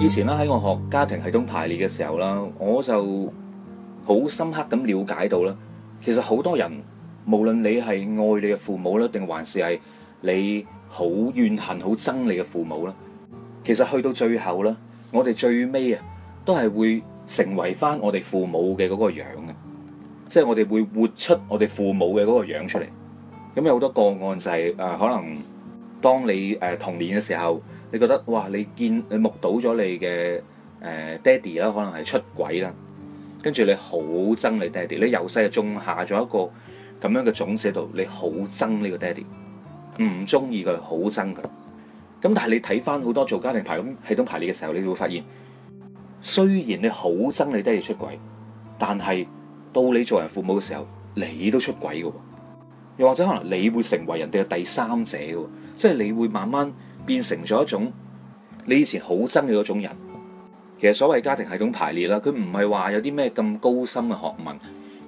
以前咧喺我學家庭系統排列嘅時候啦，我就好深刻咁了解到咧，其實好多人無論你係愛你嘅父母咧，定還是係你好怨恨好憎你嘅父母咧，其實去到最後咧，我哋最尾啊都係會成為翻我哋父母嘅嗰個樣嘅，即係我哋會活出我哋父母嘅嗰個樣出嚟。咁有好多個案就係誒，可能當你誒童年嘅時候。你覺得哇！你見你目睹咗你嘅誒爹地啦，可能係出軌啦，跟住你好憎你爹地，你由細就種下咗一個咁樣嘅種子喺度，你好憎呢個爹地，唔中意佢，好憎佢。咁但係你睇翻好多做家庭排列咁系統排列嘅時候，你會發現，雖然你好憎你爹地出軌，但係到你做人父母嘅時候，你都出軌嘅喎。又或者可能你會成為人哋嘅第三者喎，即係你會慢慢。變成咗一種你以前好憎嘅嗰種人，其實所謂家庭系統排列啦，佢唔係話有啲咩咁高深嘅學問，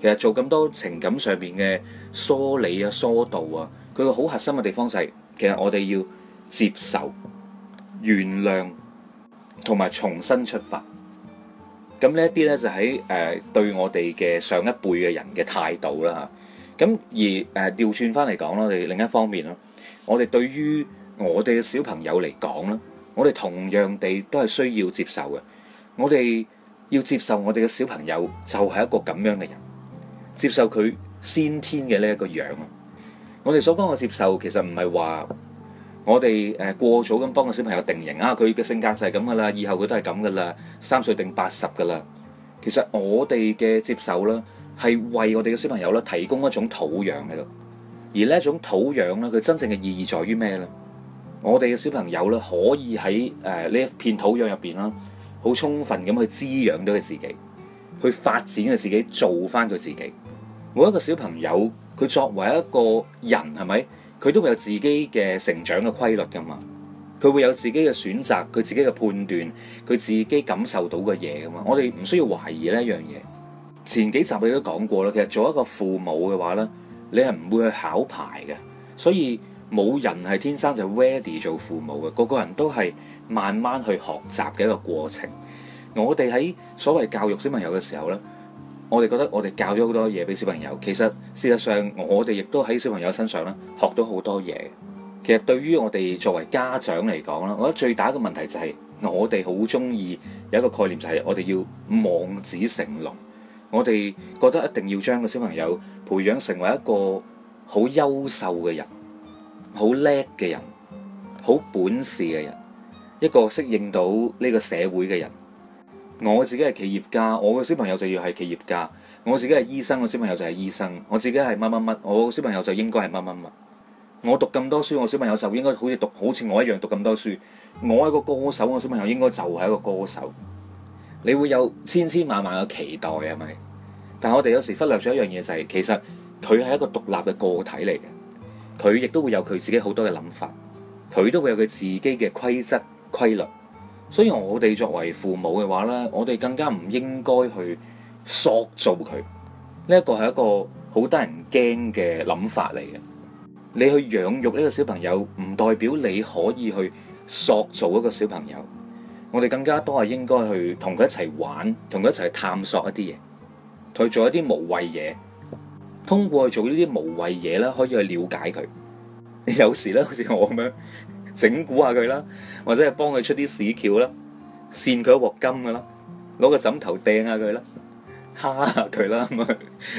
其實做咁多情感上面嘅梳理啊、疏導啊，佢個好核心嘅地方就係、是、其實我哋要接受、原諒同埋重新出發。咁呢一啲咧就喺誒對我哋嘅上一輩嘅人嘅態度啦嚇。咁而誒調轉翻嚟講咯，我哋另一方面咯，我哋對於我哋嘅小朋友嚟講啦，我哋同樣地都係需要接受嘅。我哋要接受我哋嘅小朋友就係一個咁樣嘅人，接受佢先天嘅呢一個樣啊。我哋所講嘅接受，其實唔係話我哋誒過早咁幫個小朋友定型啊，佢嘅性格就係咁噶啦，以後佢都係咁噶啦，三歲定八十噶啦。其實我哋嘅接受啦，係為我哋嘅小朋友啦提供一種土壤喺度，而呢一種土壤咧，佢真正嘅意義在於咩咧？我哋嘅小朋友咧，可以喺誒呢一片土壤入邊啦，好充分咁去滋養到佢自己，去發展佢自己，做翻佢自己。每一個小朋友，佢作為一個人，係咪佢都會有自己嘅成長嘅規律噶嘛？佢會有自己嘅選擇，佢自己嘅判斷，佢自己感受到嘅嘢噶嘛？我哋唔需要懷疑呢一樣嘢。前幾集我都講過啦，其實做一個父母嘅話咧，你係唔會去考牌嘅，所以。冇人係天生就 ready 做父母嘅，個個人都係慢慢去學習嘅一個過程。我哋喺所謂教育小朋友嘅時候呢，我哋覺得我哋教咗好多嘢俾小朋友。其實事實上，我哋亦都喺小朋友身上咧學到好多嘢。其實對於我哋作為家長嚟講啦，我覺得最大一個問題就係我哋好中意有一個概念，就係我哋要望子成龍。我哋覺得一定要將個小朋友培養成為一個好優秀嘅人。好叻嘅人，好本事嘅人，一個適應到呢個社會嘅人。我自己係企業家，我嘅小朋友就要係企業家；我自己係醫生，我小朋友就係醫生；我自己係乜乜乜，我嘅小朋友就應該係乜乜乜。我讀咁多書，我小朋友就應該好似讀，好似我一樣讀咁多書。我係個歌手，我小朋友應該就係一個歌手。你會有千千萬萬嘅期待，係咪？但係我哋有時忽略咗一樣嘢就係，其實佢係一個獨立嘅個體嚟嘅。佢亦都會有佢自己好多嘅諗法，佢都會有佢自己嘅規則規律，所以我哋作為父母嘅話咧，我哋更加唔應該去塑造佢，呢一個係一個好得人驚嘅諗法嚟嘅。你去養育呢個小朋友，唔代表你可以去塑造一個小朋友，我哋更加多係應該去同佢一齊玩，同佢一齊探索一啲嘢，佢做一啲無謂嘢。通過去做呢啲無謂嘢啦，可以去了解佢。有時咧，好似我咁樣整蠱下佢啦，或者係幫佢出啲屎橋啦，扇佢一鑊金㗎啦，攞個枕頭掟下佢啦，蝦下佢啦咁啊！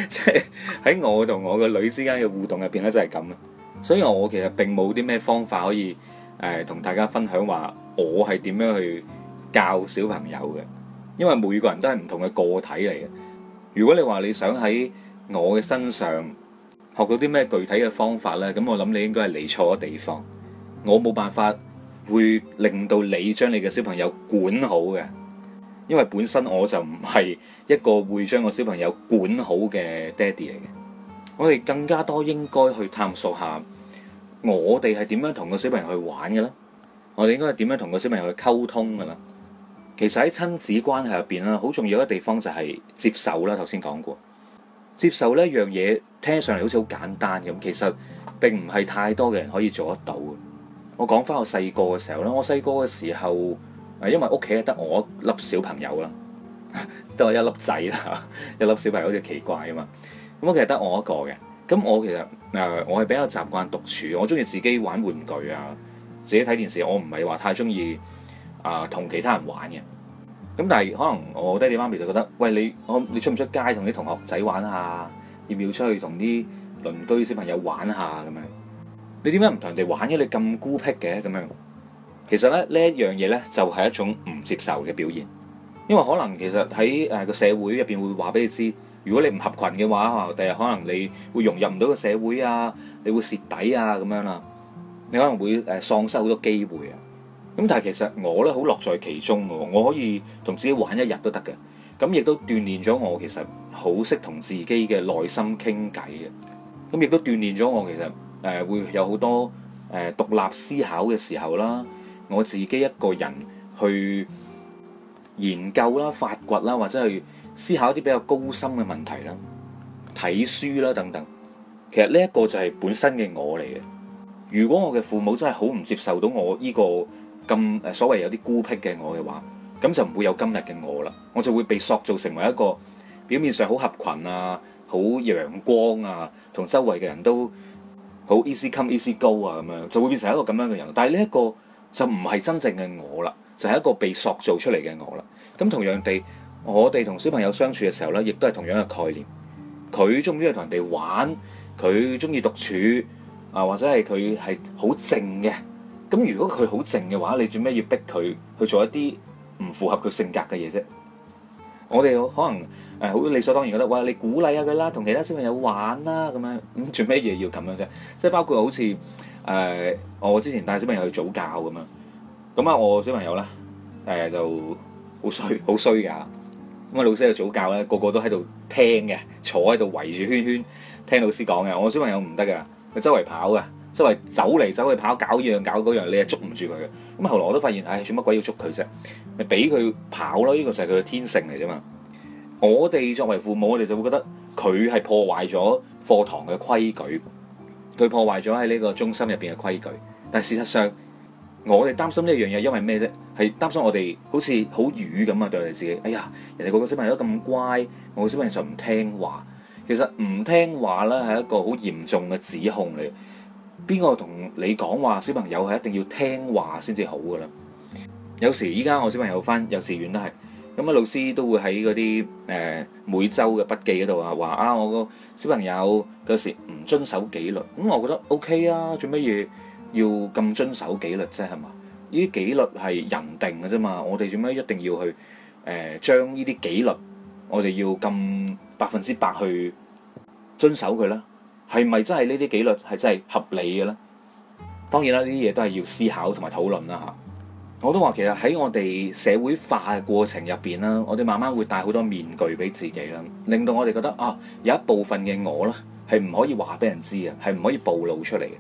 即係喺我同我個女之間嘅互動入邊咧，就係咁啊。所以我其實並冇啲咩方法可以誒同、呃、大家分享話我係點樣去教小朋友嘅，因為每個人都係唔同嘅個體嚟嘅。如果你話你想喺我嘅身上學到啲咩具體嘅方法呢？咁我諗你應該係嚟錯咗地方。我冇辦法會令到你將你嘅小朋友管好嘅，因為本身我就唔係一個會將個小朋友管好嘅爹地嚟嘅。我哋更加多應該去探索下，我哋係點樣同個小朋友去玩嘅咧？我哋應該係點樣同個小朋友去溝通嘅啦？其實喺親子關係入邊咧，好重要嘅地方就係接受啦。頭先講過。接受呢一樣嘢，聽上嚟好似好簡單咁，其實並唔係太多嘅人可以做得到嘅。我講翻我細個嘅時候啦，我細個嘅時候，因為屋企係得我一粒小朋友啦，都係我一粒仔啦，一粒小朋友好似奇怪啊嘛。咁我，我其實得我一個嘅，咁我其實誒我係比較習慣獨處，我中意自己玩玩具啊，自己睇電視，我唔係話太中意啊同其他人玩嘅。咁但係可能我爹哋媽咪就覺得，喂，你，我你出唔出街同啲同學仔玩下？要唔要出去同啲鄰居小朋友玩下咁樣？你點解唔同人哋玩嘅？你咁孤僻嘅咁樣？其實咧，呢一樣嘢咧就係一種唔接受嘅表現，因為可能其實喺誒個社會入邊會話俾你知，如果你唔合群嘅話，嚇，第日可能你會融入唔到個社會啊，你會蝕底啊咁樣啦，你可能會誒喪失好多機會啊。咁，但係其實我咧好樂在其中嘅，我可以同自己玩一日都得嘅。咁亦都鍛煉咗我，其實好識同自己嘅內心傾偈嘅。咁亦都鍛煉咗我，其實誒會有好多誒獨立思考嘅時候啦。我自己一個人去研究啦、發掘啦，或者去思考一啲比較高深嘅問題啦、睇書啦等等。其實呢一個就係本身嘅我嚟嘅。如果我嘅父母真係好唔接受到我呢個。咁誒所謂有啲孤僻嘅我嘅話，咁就唔會有今日嘅我啦。我就會被塑造成為一個表面上好合群啊、好陽光啊，同周圍嘅人都好 easy come easy go 啊咁樣，就會變成一個咁樣嘅人。但係呢一個就唔係真正嘅我啦，就係一個被塑造出嚟嘅我啦。咁同樣地，我哋同小朋友相處嘅時候呢，亦都係同樣嘅概念。佢中唔中意同人哋玩？佢中意獨處啊，或者係佢係好靜嘅？咁如果佢好靜嘅話，你做咩要逼佢去做一啲唔符合佢性格嘅嘢啫？我哋可能誒好理所當然覺得，哇！你鼓勵下佢啦，同其他小朋友玩啦，咁樣，咁做咩嘢要咁樣啫？即係包括好似誒、呃，我之前帶小朋友去早教咁樣，咁啊，我小朋友咧誒、呃、就好衰好衰㗎。咁啊，老師喺度早教咧，個個都喺度聽嘅，坐喺度圍住圈圈聽老師講嘅，我小朋友唔得㗎，佢周圍跑㗎。即係走嚟走去跑，搞依樣搞嗰樣，你係捉唔住佢嘅。咁後來我都發現，唉，算乜鬼要捉佢啫？咪俾佢跑咯，呢個就係佢嘅天性嚟啫嘛。我哋作為父母，我哋就會覺得佢係破壞咗課堂嘅規矩，佢破壞咗喺呢個中心入邊嘅規矩。但係事實上，我哋擔心呢一樣嘢，因為咩啫？係擔心我哋好似好瘀咁啊，對我哋自己。哎呀，人哋個個小朋友都咁乖，我個小朋友就唔聽話。其實唔聽話咧係一個好嚴重嘅指控嚟。邊個同你講話？小朋友係一定要聽話先至好噶啦！有時，依家我小朋友翻幼稚園都係咁啊，老師都會喺嗰啲誒每周嘅筆記嗰度啊話啊，我個小朋友有時唔遵守紀律，咁我覺得 OK 啊，做乜嘢要咁遵守紀律啫？係嘛？呢啲紀律係人定嘅啫嘛，我哋做咩一定要去誒將呢啲紀律我哋要咁百分之百去遵守佢咧？係咪真係呢啲紀律係真係合理嘅咧？當然啦，呢啲嘢都係要思考同埋討論啦嚇。我都話其實喺我哋社會化嘅過程入邊啦，我哋慢慢會戴好多面具俾自己啦，令到我哋覺得啊有一部分嘅我啦係唔可以話俾人知嘅，係唔可以暴露出嚟嘅。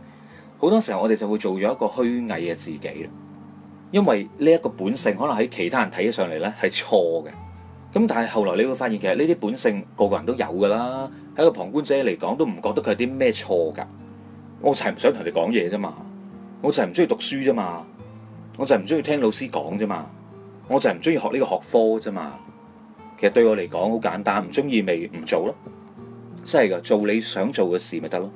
好多時候我哋就會做咗一個虛偽嘅自己，因為呢一個本性可能喺其他人睇起上嚟呢係錯嘅。咁但係後來你會發現其實呢啲本性個個人都有㗎啦。喺個旁觀者嚟講，都唔覺得佢有啲咩錯噶。我就係唔想同你講嘢啫嘛，我就係唔中意讀書啫嘛，我就係唔中意聽老師講啫嘛，我就係唔中意學呢個學科啫嘛。其實對我嚟講好簡單，唔中意咪唔做咯。真係噶，做你想做嘅事咪得咯。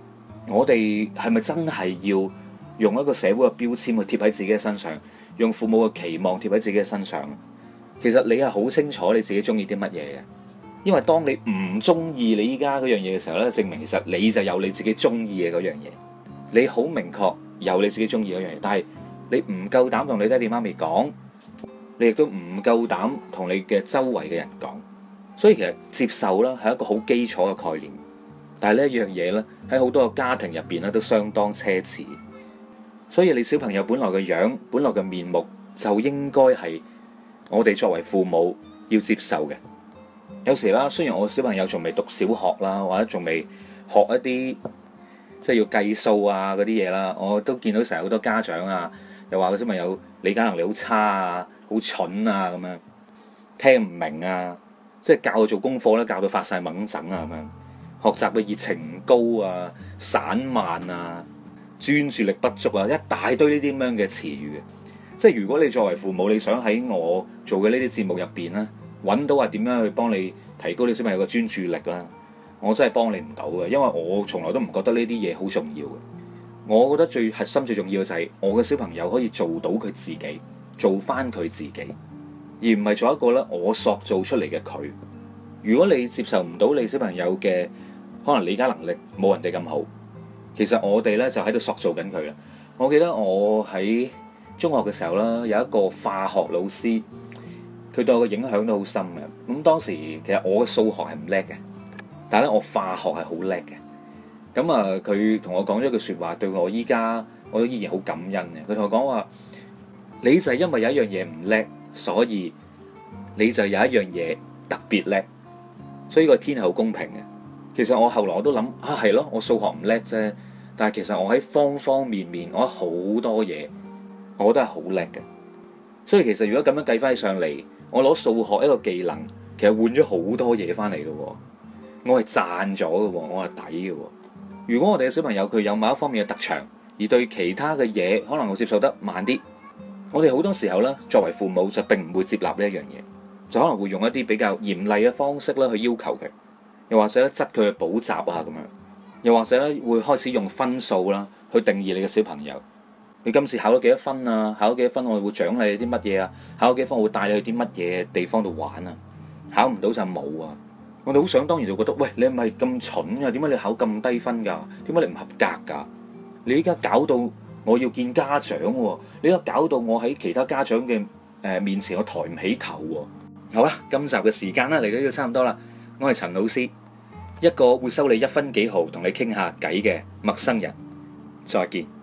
我哋係咪真係要用一個社會嘅標籤去貼喺自己嘅身上，用父母嘅期望貼喺自己嘅身上？其實你係好清楚你自己中意啲乜嘢嘅。因為當你唔中意你依家嗰樣嘢嘅時候呢，證明其實你就有你自己中意嘅嗰樣嘢，你好明確有你自己中意嗰樣嘢，但係你唔夠膽同你爹地媽咪講，你亦都唔夠膽同你嘅周圍嘅人講，所以其實接受啦係一個好基礎嘅概念，但係呢一樣嘢呢，喺好多家庭入邊咧都相當奢侈，所以你小朋友本來嘅樣，本來嘅面目就應該係我哋作為父母要接受嘅。有時啦，雖然我小朋友仲未讀小學啦，或者仲未學一啲即係要計數啊嗰啲嘢啦，我都見到成日好多家長啊，又話佢小朋友理解能力好差啊，好蠢啊咁樣，聽唔明啊，即係教佢做功課咧，教到發晒猛疹啊咁樣，學習嘅熱情高啊，散漫啊，專注力不足啊，一大堆呢啲咁樣嘅詞語。即係如果你作為父母，你想喺我做嘅呢啲節目入邊咧，揾到話點樣去幫你提高你小朋友嘅專注力啦？我真係幫你唔到嘅，因為我從來都唔覺得呢啲嘢好重要嘅。我覺得最核心最重要嘅就係我嘅小朋友可以做到佢自己，做翻佢自己，而唔係做一個咧我塑造出嚟嘅佢。如果你接受唔到你小朋友嘅可能理解能力冇人哋咁好，其實我哋咧就喺度塑造緊佢啊！我記得我喺中學嘅時候啦，有一個化學老師。佢對我嘅影響都好深嘅。咁當時其實我嘅數學係唔叻嘅，但係咧我化學係好叻嘅。咁啊，佢同我講咗一句說話，對我依家我都依然好感恩嘅。佢同我講話，你就係因為有一樣嘢唔叻，所以你就有一樣嘢特別叻。所以個天係好公平嘅。其實我後來我都諗啊，係咯，我數學唔叻啫。但係其實我喺方方面面，我好多嘢，我都係好叻嘅。所以其實如果咁樣計翻上嚟。我攞數學一個技能，其實換咗好多嘢翻嚟咯，我係賺咗嘅，我係抵嘅。如果我哋嘅小朋友佢有某一方面嘅特長，而對其他嘅嘢可能我接受得慢啲，我哋好多時候咧作為父母就並唔會接納呢一樣嘢，就可能會用一啲比較嚴厲嘅方式咧去要求佢，又或者咧質佢去補習啊咁樣，又或者咧會開始用分數啦去定義你嘅小朋友。你今次考咗幾多分啊？考咗幾多分我哋會獎勵你啲乜嘢啊？考咗幾多分我會帶你去啲乜嘢地方度玩啊？考唔到就冇啊！我哋好想當然就覺得，喂，你唔係咁蠢啊，點解你考咁低分噶？點解你唔合格噶？你依家搞到我要見家長喎，你依家搞到我喺其他家長嘅誒面前我抬唔起頭喎。好啊，今集嘅時間啦，嚟到呢度差唔多啦。我係陳老師，一個會收你一分幾毫同你傾下偈嘅陌生人，再見。